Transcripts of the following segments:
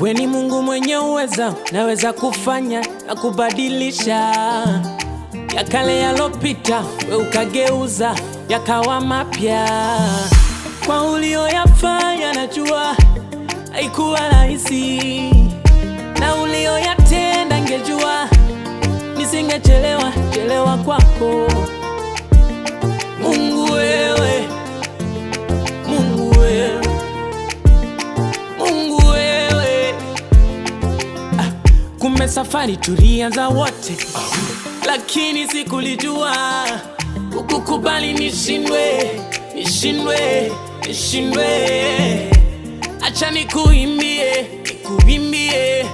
We ni Mungu mwenye uweza, naweza kufanya na kubadilisha. Ya kale yalopita, we ukageuza yakawa mapya. Kwa ulioyafanya najua haikuwa rahisi na ulio safari tulianza wote, lakini sikulijua kukukubali, nishindwe, nishindwe, nishindwe. Acha nikuimbie, nikuimbie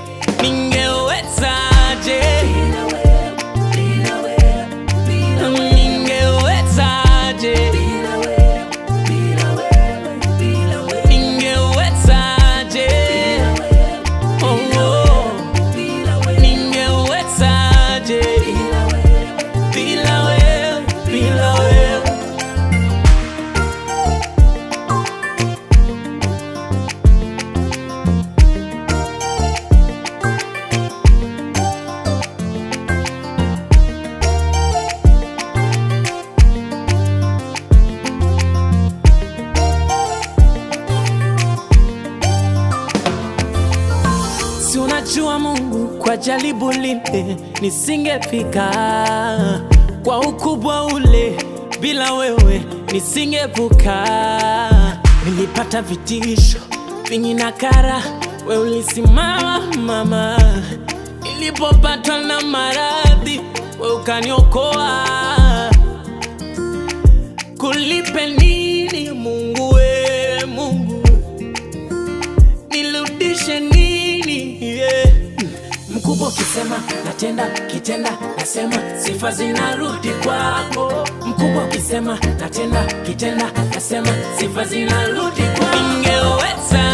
Najua Mungu kwa jaribu lile nisingefika, kwa ukubwa ule bila wewe nisingevuka. Nilipata vitisho vingi na kara, we ulisimama mama. Nilipopatwa na maradhi, we ukaniokoa. mkubwa ukisema natenda, kitenda nasema, sifa zinarudi kwako. Mkubwa ukisema natenda, kitenda nasema, sifa zinarudi kwako. Ingeweza